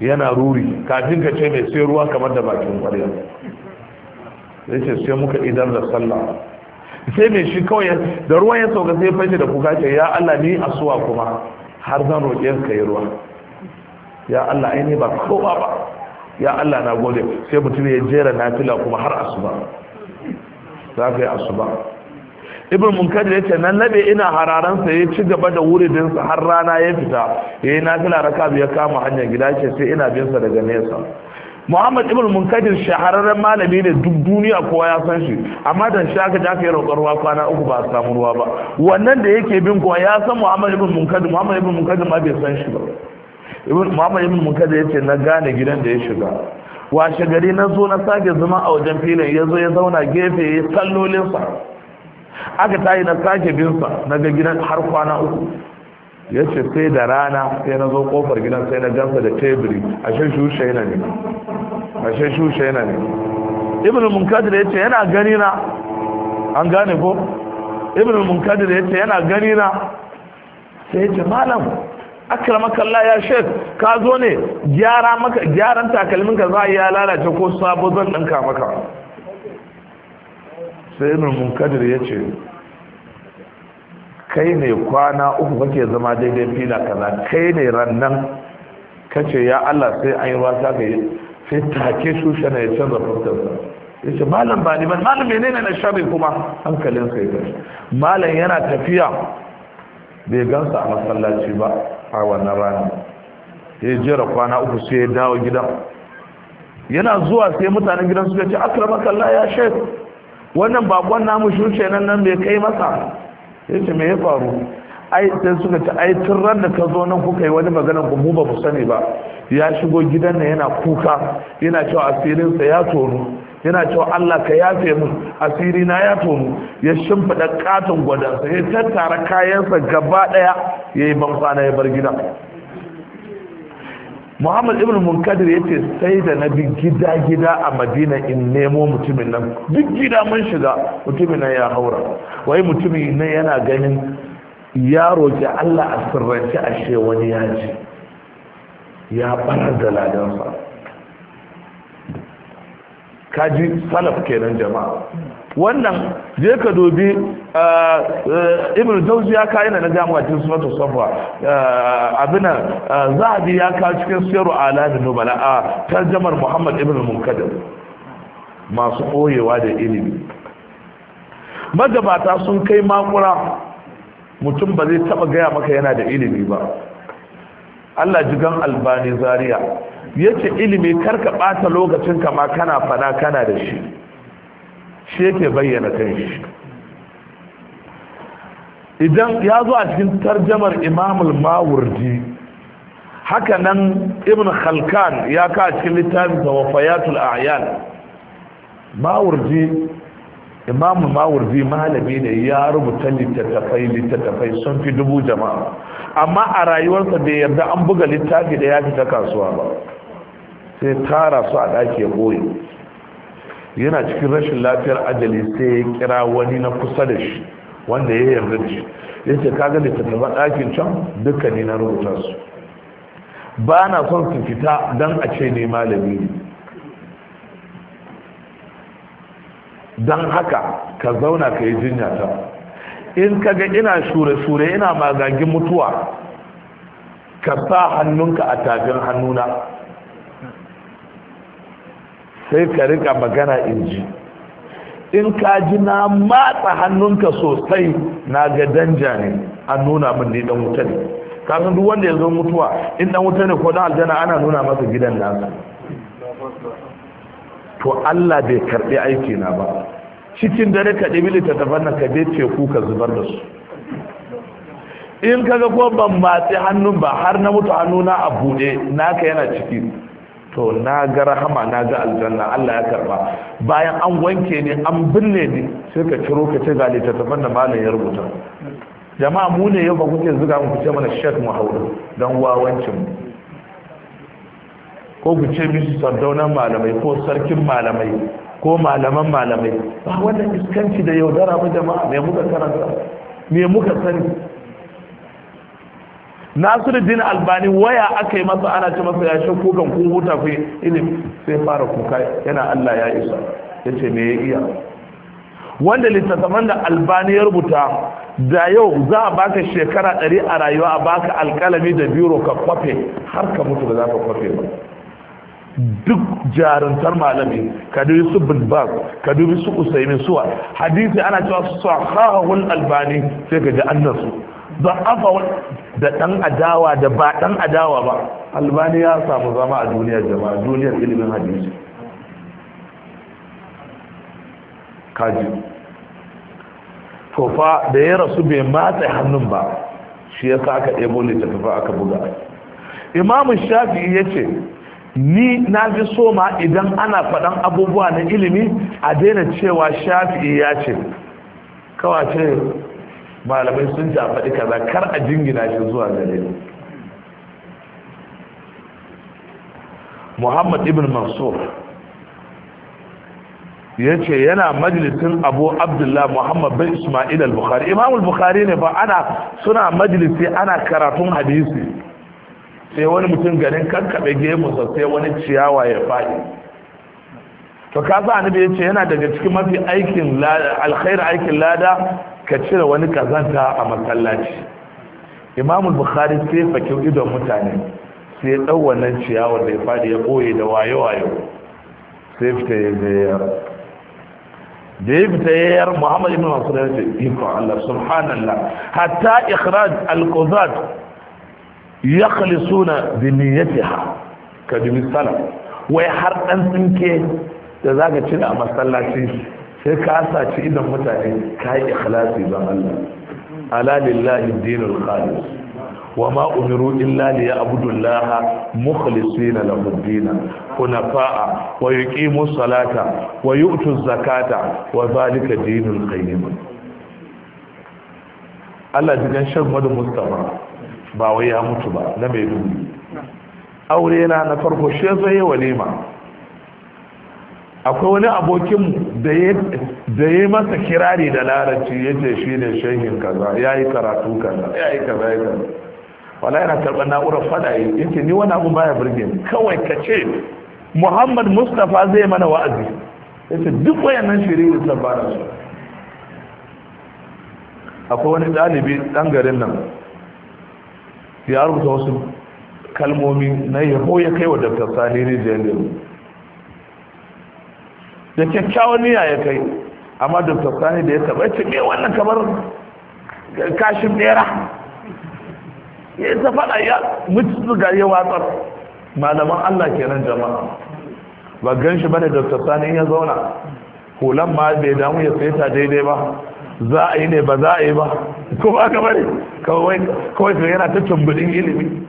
yana ruri kafin ka ce mai sai ruwa kamar da bakin kwarya yace sai muka idan da sallah sai mai shi kawai da ruwan ya sauka sai ya fashe da kuka ce ya Allah ni asuwa kuma har zan roƙe ka yi ruwa ya Allah aini ba kowa ba ya Allah na gode sai mutum ya jera nafila kuma har asuba za ka yi asuba ibn munkadir ce nan labe ina hararansa ya ci gaba da wuridinsa sa har rana ya fita ya na nafila raka ya kama hanyar gida ce sai ina bin sa daga nesa Muhammad ibn Munkadir shahararren malami ne duk duniya kowa ya san shi amma dan shaka da aka yi roƙar ruwa kwana uku ba a samu ruwa ba wannan da yake bin kowa ya san Muhammad ibn Munkadir Muhammad ibn munkadi ma bai san shi ba muhammad ibn munkadir ya ce na gane gidan da ya shiga washe gari na zo na sake zama a wajen filin ya zo ya zauna gefe ya sa aka tayi na sake binsa na ga gidan har kwana uku ya ce sai da rana sai na zo kofar gidan sai na gansa da teburi a shan shushe yana ne a shan shushe yana ne ibn munkadir ya ce yana gani na an gane ko ibn munkadir ya ce yana gani na sai ya ce malam Allah ya shek ka zo ne gyara maka gyaran takalmin ka za ya lalace ko sabo zan dinka maka sai ibn munkadir ya ce kai ne kwana uku kake zama daidai fina kaza kai ne rannan kace ya Allah sai an yi ruwa ta yi sai take shushe na ya canza sa yace malam ba ni ban malam menene na shabi kuma hankalin sai malam yana tafiya bai gansa a masallaci ba a wannan rana ya jera kwana uku sai ya dawo gidan yana zuwa sai mutanen gidan suka ce akrama Allah ya shek wannan bakon namu shushe nan nan bai kai masa ya ce me ya faru ai sai suka ce ai tun ran da ka zo nan kuka yi wani maganin ku mu ba ku sani ba ya shigo gidan nan yana kuka yana cewa sa ya tono yana cewa Allah ka yafe mu asiri na ya tomu ya shimfida katon gwadansa ya tattara kayansa gaba daya yayi ban kwana ya bar gida Muhammad ibn Munkadir ce sai da na bi gida gida a Madina in nemo mutumin nan duk gida mun shiga mutumin nan ya haura wai mutumin nan yana ganin ya roki Allah a sirrance ashe wani yaji ya bar da ladansa kaji salaf kenan jama'a wannan je ka dobi ah, eh, ibn jauzi ya kayi na jami'a cikin sunatu safwa abina ah, ah, zahabi ya kawo cikin siyaru alamin nubala a tarjamar muhammad ibn munkadir masu koyewa da ilimi magabata sun kai makura mutum ba zai taba gaya maka yana da ilimi ba Allah ji gan albani zariya yace ilimi karka bata lokacin ka ma kana fada kana da shi shi yake bayyana kanshi idan ya zo a cikin tarjamar imamul mawardi haka nan ibn khalkan ya ka cikin littafin da wafayatul a'yan mawardi Imamul mawardi malami ne ya rubuta littattafai littattafai sun fi dubu jama'a amma a rayuwarsa bai yarda an buga littafi da ya fita kasuwa ba sai tara su a ɗaki ya ɓoye yana cikin rashin lafiyar ajali sai ya kira wani na kusa da shi wanda ya yarda da shi ya ce kaga littattafan ɗakin can duka ne na rubuta su ba na son su fita don a ce ne malami ne don haka ka zauna ka yi jinya ta in ka ga ina shure-shure ina magagin mutuwa ka sa hannunka a tafin hannuna sai ka rika magana in ji in ka ji na matsa hannunka sosai na ga danja ne an nuna min ne dan wuta ne kasan duk wanda ya zo mutuwa in dan wuta ne ko dan aljana ana nuna masa gidan nasa to Allah bai karbi aiki na ba cikin dare ka ɗibi littattafan nan ka je teku ka zubar da su in kaga ko ban matsi hannun ba har na mutu hannuna a buɗe naka yana ciki to na ga rahama na ga aljanna Allah ya karba bayan an wanke ni an binne ni sai ka ciro ka ce ga littattafan da malam ya rubuta jama'a mu ne yau ba kuke zuga mu kuce mana shek muhauru don wawancin mu ko ku ce mishi sardaunan malamai ko sarkin malamai ko malaman malamai ba wannan iskanci da yaudara mu jama'a mai muka karanta mai muka sani nasiruddin albani waya aka yi masa ana ce masa ya shi kukan kun huta ku ilimi sai fara kuka yana allah ya isa ya ce me ya iya wanda littattafan da albani ya rubuta da yau za a baka shekara 100 a rayuwa a baka alkalami da biro ka kwafe har ka mutu da za ka kwafe ba duk jaruntar malami ka su bilbas ka su usaimin suwa hadisi ana cewa su sahahul albani sai ka ji annasu don afa da dan adawa da ba dan adawa ba albani ya samu zama a duniyar jama'a duniyar ilimin hadisi kaji fa da ya rasu bai matsa hannun ba shi ya sa aka ɗebo tafafa aka buga imamu shafi ya ce ni na fi so ma idan ana faɗan abubuwa na ilimi a daina cewa shafi'i ya ce kawace malamai sun ta faɗi kaza kar a jingina shi zuwa gare ni muhammad ibn mansur ya ce yana majalisin abu abdullahi muhammad bin ismail al-bukhari imam al-bukhari ne ba ana suna majalisi ana karatun hadisi sai wani mutum garin kankaɓe gemunsa sai wani ciyawa ya faɗi to ka sa annabi ya ce yana daga cikin mafi aikin alkhair aikin lada ka cire wani kazanta a masallaci imamu bukhari sai fakin idon mutane sai ɗau wannan ciyawar da ya faɗi ya ɓoye da wayo-wayo sai fita ya zayar da ya fita ya yar muhammad ibn masu da ya ce ikon allah subhanallah hatta ikhraj al-quzat yakhlisuna bi niyyatiha ka dubi salaf wai har dan tsinke da zaka a masallaci sai ka ci idan mutane ka yi ikhlasi ba Allah ala lillahi dinul khalis wa ma umiru illa li ya'budu Allah mukhlisina lahu dinan din hunafa'a wa yuqimu salata wa yu'tu zakata wa zalika dinul qayyim Allah jigan shan madu Mustafa ba wai ya mutu ba na mai dubu aure na na farko shi ya zai walima akwai wani abokin da ya masa kirari da larabci ya ce shi ne shehin kaza ya yi karatu kaza ya yi kaza ya kaza wala yana karɓar na'urar fada ya ce ni wani abu baya birgin kawai ka ce muhammad mustapha zai mana wa'azi ya ce duk wayannan shiri da ba su akwai wani ɗalibi ɗan garin nan ya rubuta wasu kalmomi na yabo ya kai wa dr sani rijiyar da kyakkyawan niyya ya kai amma daftar sahiri da ya taba ce mai wannan kamar kashin bera ya ta faɗa ya mutu ga yi watsar malaman allah kenan jama'a ba gan shi bane daftar sahiri ya zauna hulan ma bai damu ya ta daidai ba za a yi ne ba za a yi ba ko ba ka bari kawai kawai yana ta tumbulin ilimi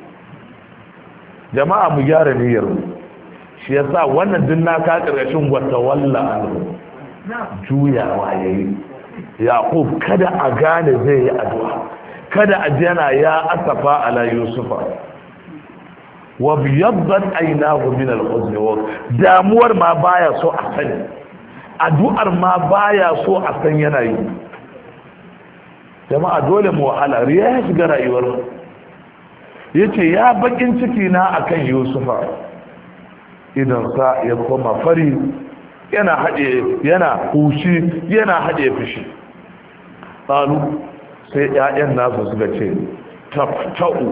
jama'a mu gyara niyyar shi yasa wannan din na ka karkashin wata walla anhu juyawa yayi yaqub kada a gane zai yi addu'a kada a jana ya asafa ala yusufa wa biyaddat aynahu min al-huzn damuwar ma baya so a sani addu'ar ma baya so a san yana yi jama'a dole mu wahala riya ya shiga rayuwar mu yace ya bakin ciki na akan yusufa idan sa ya koma fari yana haɗe yana kushi yana haɗe fushi qalu sai ‘ya'yan nasu suka ce tafta'u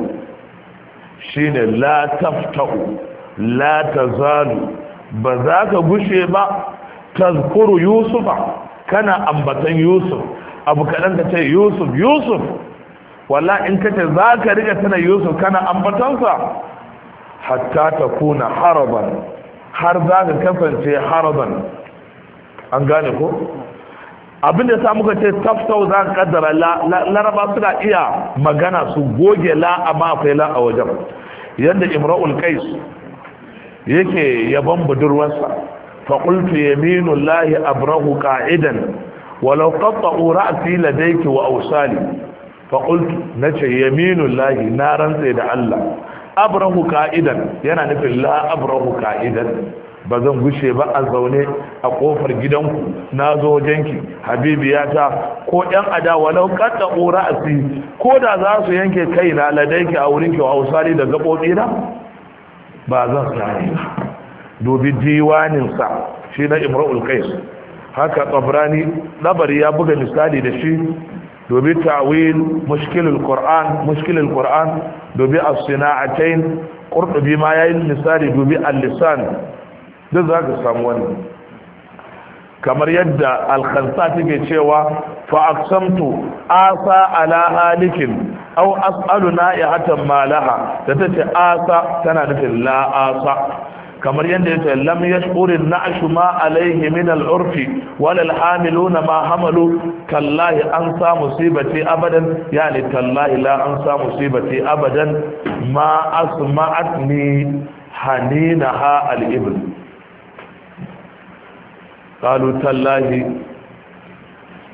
shine la tafta'u la tazalu ba za ka gushe ba tazkuru yusufa kana ambatan yusuf abu kaɗan ka ce yusuf yusuf walla in ka ce za ka riga tana yusuf kana ambatonsa hatta ta kuna haraban har za ka kasance haraban an gane ko abin da sa muka ce taftau za ka kaddara laraba suna iya magana su goge la amma akwai la a wajen yadda imra'ul kais yake yaban budurwarsa fa qultu yaminullahi abrahu qa'idan ولو qatta'u ra'si لديك wa فقلت fa يمين الله yaminullahi na rantse da Allah abrahu ka'idan yana nufin la abrahu ka'idan ba zan gushe ba a zaune a kofar gidanku na zo janki ya ta ko yan adawa lau a ra'asi ko da za su yanke kaina ladaiki a wurin kyau hausari da gaɓoɓi na ba zan tsare ba Dubi diwaninsa shi na imra'ul kais haka tsabrani labari ya buga misali da shi domin ta'wil mushkilul qur'an mushkilul qur'an domin as-sina'atayn qurtubi ma yayin misali domin al-lisan duk zaka samu wani. kamar yadda alkansa take cewa fa asa ala halikin aw as'alu na'ihatan malaha da ce asa tana nufin la kamar yadda yake lam yashkuri na'shu ma alaihi min al-urfi wal hamiluna ma hamalu tallahi an sa musibati abadan yani tallahi la an sa musibati abadan ma asma'atni haninaha al-ibn qalu tallahi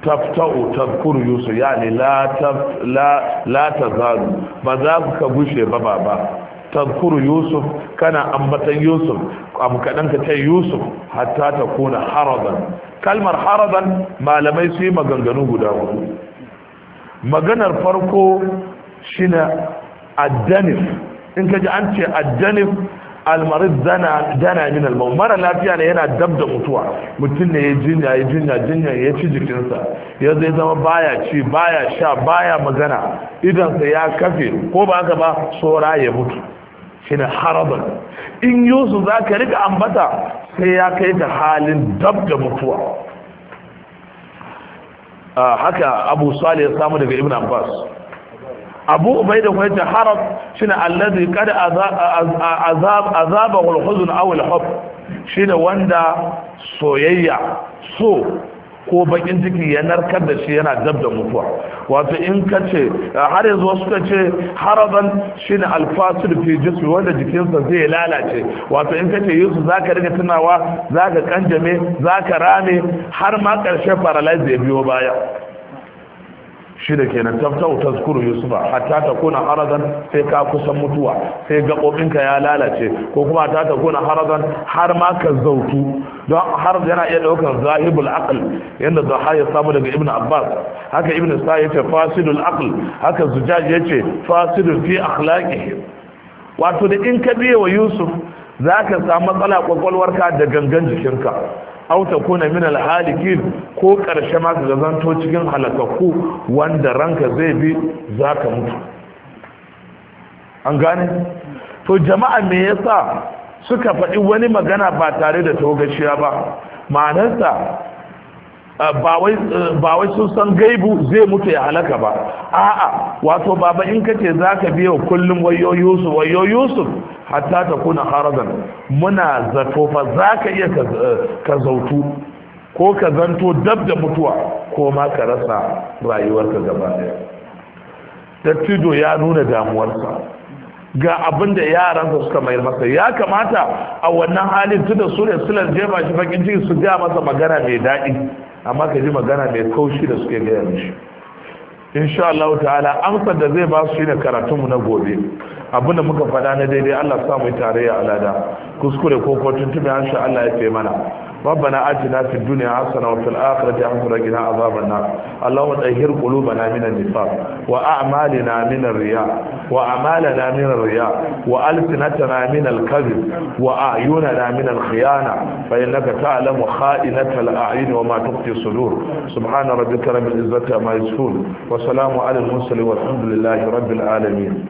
tafta'u tafkuru yusuf yani la la la tazalu ba za ka bushe ba baba tazkuru yusuf kana ambatan yusuf abu kadan ka yusuf hatta ta kuna haradan kalmar haradan malamai su yi maganganu guda hudu maganar farko shine addanif in ka ji an ce addanif almarid dana dana min almaut mara lafiya ne yana dab da mutuwa mutum ne ya jinya ya jinya jinya ya ci jikinsa ya zai zama baya ci baya sha baya magana idansa ya kafe ko ba haka ba tsora ya mutu shine haraban in yusuf za ka rika ambata sai ya kai ta halin dab da mutuwa haka abu salih ya samu daga ibn abbas abu ubaida kuma yace harab shi alladhi qad azab azaba wal huzn aw shine wanda soyayya so ko bakin ciki ya narkar da shi yana dab da mutuwa wato in ka ce har yanzu wasu ka ce haraban shi ne alfasir fi jisu wanda jikinsa zai lalace wato in ka ce yusuf za ka riga tunawa za ka kanjame za ka rame har ma ƙarshe paralyze ya biyo baya shida kenan taftau taskuru yusufa a ta kuna harazan sai ka kusan mutuwa sai gaɓoɓinka ya lalace ko kuma hatta ta kuna harazan har ma ka zautu don har yana iya ɗaukar zahibul aql yadda zaha ya samu daga ibn abbas haka ibn sa ya ce fasidul aql haka zujaj ya ce fasidul fi akhlaqihi wato da in ka biye wa yusuf za ka samu matsala kwakwalwarka da gangan jikinka aw kuna min al-halikin ko karshe ma ka zanto cikin halakakku wanda ranka zai bi ka mutu an gane to jama'a me yasa suka faɗi wani magana ba tare da togashiya ba ma'anarsa Eh, eh, ba wai sun san gaibu zai mutu ya halaka ba a'a wato baba in ka ce za ka biya kullum wayo yusuf wayo yusuf hatta ta kuna harazan muna zato fa ka iya eh, ka zautu ko ka zanto dab da mutuwa ko ma ka rasa rayuwarka gaba daya Dattijo ya nuna damuwarsa ga abin da yaransa suka mayar masa ya kamata a wannan halin tunda su ne silar jefa shi bakin ciki su ga masa magana mai daɗi amma ka ji magana mai kaushi da suke gaya mishi insha Allah ta'ala amsa da zai ba su shine karatunmu na gobe abinda muka faɗa na daidai Allah sa mu tarayya alada kuskure ko ko tuntube insha Allah ya fe mana ربنا آتنا في الدنيا حسنة وفي الآخرة حسنة وقنا عذاب النار اللهم طهر قلوبنا من النفاق وأعمالنا من الرياء وأعمالنا من الرياء وألسنتنا من الكذب وأعيننا من الخيانة فإنك تعلم خائنة الأعين وما تخفي الصدور سبحان ربك رب العزة ما يسكون وسلام على المرسلين والحمد لله رب العالمين